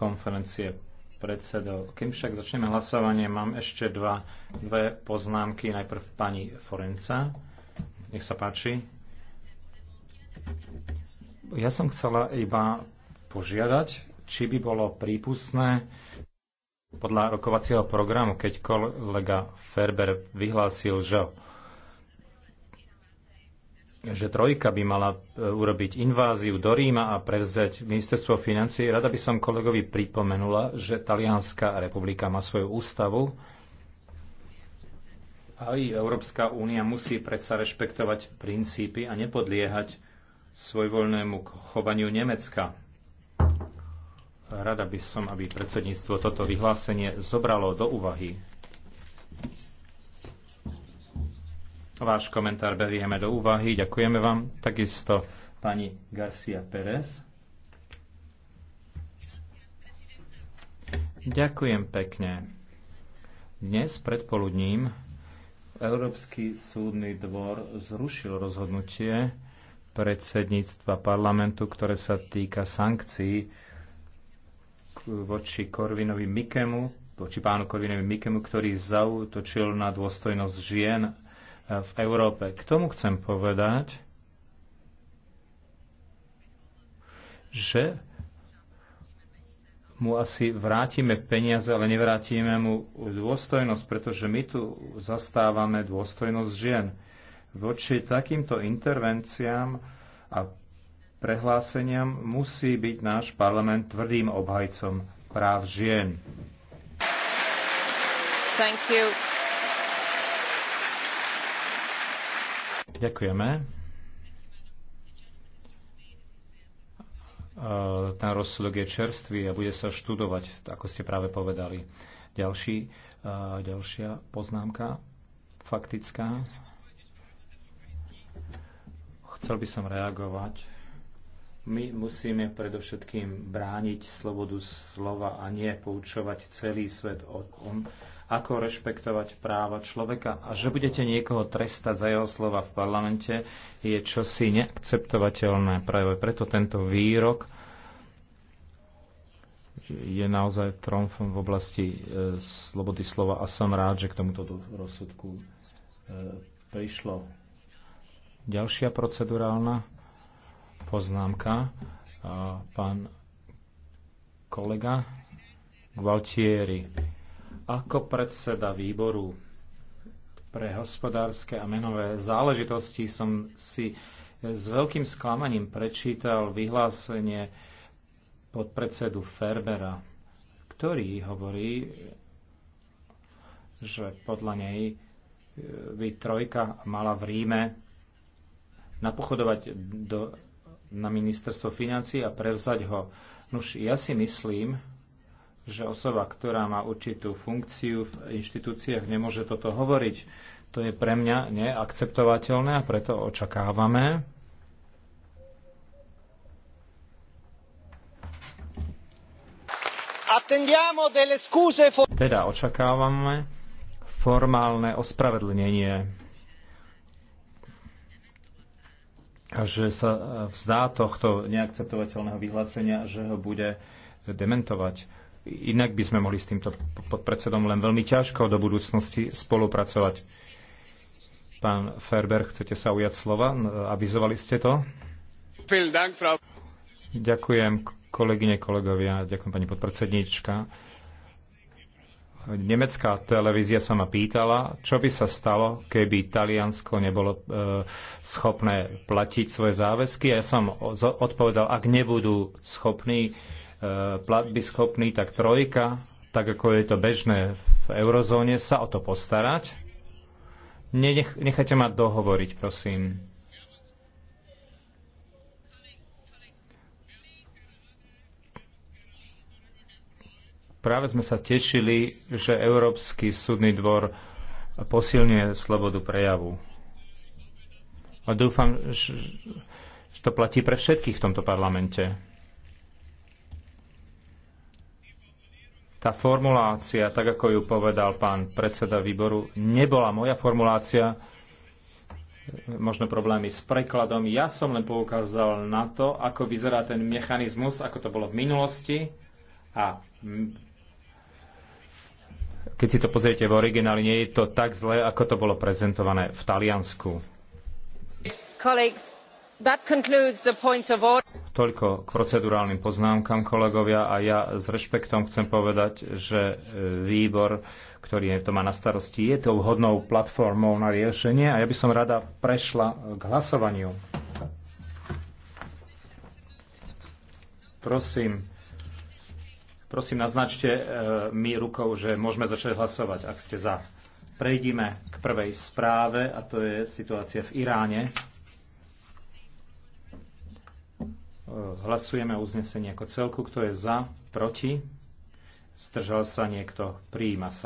konferencie predsedov. Kým však začneme hlasovanie, mám ešte dva, dve poznámky. Najprv pani Forenca. Nech sa páči. Ja som chcela iba požiadať, či by bolo prípustné podľa rokovacieho programu, keď kolega Ferber vyhlásil, že že Trojka by mala e, urobiť inváziu do Ríma a prevzať ministerstvo financí. Rada by som kolegovi pripomenula, že Talianská republika má svoju ústavu a aj Európska únia musí predsa rešpektovať princípy a nepodliehať svojvoľnému chovaniu Nemecka. Rada by som, aby predsedníctvo toto vyhlásenie zobralo do úvahy. Váš komentár berieme do úvahy. Ďakujeme vám. Takisto pani Garcia Pérez. Ďakujem pekne. Dnes predpoludním Európsky súdny dvor zrušil rozhodnutie predsedníctva parlamentu, ktoré sa týka sankcií voči Korvinovi Mikemu, voči pánu Korvinovi Mikemu, ktorý zautočil na dôstojnosť žien v Európe. K tomu chcem povedať, že mu asi vrátime peniaze, ale nevrátime mu dôstojnosť, pretože my tu zastávame dôstojnosť žien. Voči takýmto intervenciám a prehláseniam musí byť náš parlament tvrdým obhajcom práv žien. Thank you. Ďakujeme. E, ten rozsudok je čerstvý a bude sa študovať, ako ste práve povedali. Ďalší, e, ďalšia poznámka faktická. Chcel by som reagovať my musíme predovšetkým brániť slobodu slova a nie poučovať celý svet o tom, ako rešpektovať práva človeka. A že budete niekoho trestať za jeho slova v parlamente, je čosi neakceptovateľné. Práve preto tento výrok je naozaj tromfom v oblasti e, slobody slova a som rád, že k tomuto rozsudku e, prišlo. Ďalšia procedurálna poznámka. Pán kolega Gualtieri, ako predseda výboru pre hospodárske a menové záležitosti som si s veľkým sklamaním prečítal vyhlásenie podpredsedu Ferbera, ktorý hovorí, že podľa nej e, by trojka mala v Ríme napochodovať do na ministerstvo financí a prevzať ho. Nuž, ja si myslím, že osoba, ktorá má určitú funkciu v inštitúciách, nemôže toto hovoriť. To je pre mňa neakceptovateľné a preto očakávame, Teda očakávame formálne ospravedlnenie. a že sa e, vzdá tohto neakceptovateľného vyhlásenia, že ho bude dementovať. Inak by sme mohli s týmto podpredsedom len veľmi ťažko do budúcnosti spolupracovať. Pán Ferber, chcete sa ujať slova? Avizovali ste to? Ďakujem, kolegyne, kolegovia, ďakujem pani podpredsedníčka nemecká televízia sa ma pýtala, čo by sa stalo, keby Taliansko nebolo e, schopné platiť svoje záväzky. A ja som odpovedal, ak nebudú schopní, e, platby schopní, tak trojka, tak ako je to bežné v eurozóne, sa o to postarať. Nech, nechajte ma dohovoriť, prosím. Práve sme sa tešili, že Európsky súdny dvor posilňuje slobodu prejavu. A dúfam, že to platí pre všetkých v tomto parlamente. Tá formulácia, tak ako ju povedal pán predseda výboru, nebola moja formulácia, možno problémy s prekladom. Ja som len poukázal na to, ako vyzerá ten mechanizmus, ako to bolo v minulosti a keď si to pozriete v origináli, nie je to tak zlé, ako to bolo prezentované v Taliansku. Toľko k procedurálnym poznámkam, kolegovia, a ja s rešpektom chcem povedať, že e, výbor, ktorý to má na starosti, je tou vhodnou platformou na riešenie a ja by som rada prešla e, k hlasovaniu. Prosím, Prosím, naznačte e, mi rukou, že môžeme začať hlasovať, ak ste za. Prejdime k prvej správe, a to je situácia v Iráne. E, hlasujeme o uznesení ako celku. Kto je za? Proti? Zdržal sa niekto? Prijíma sa.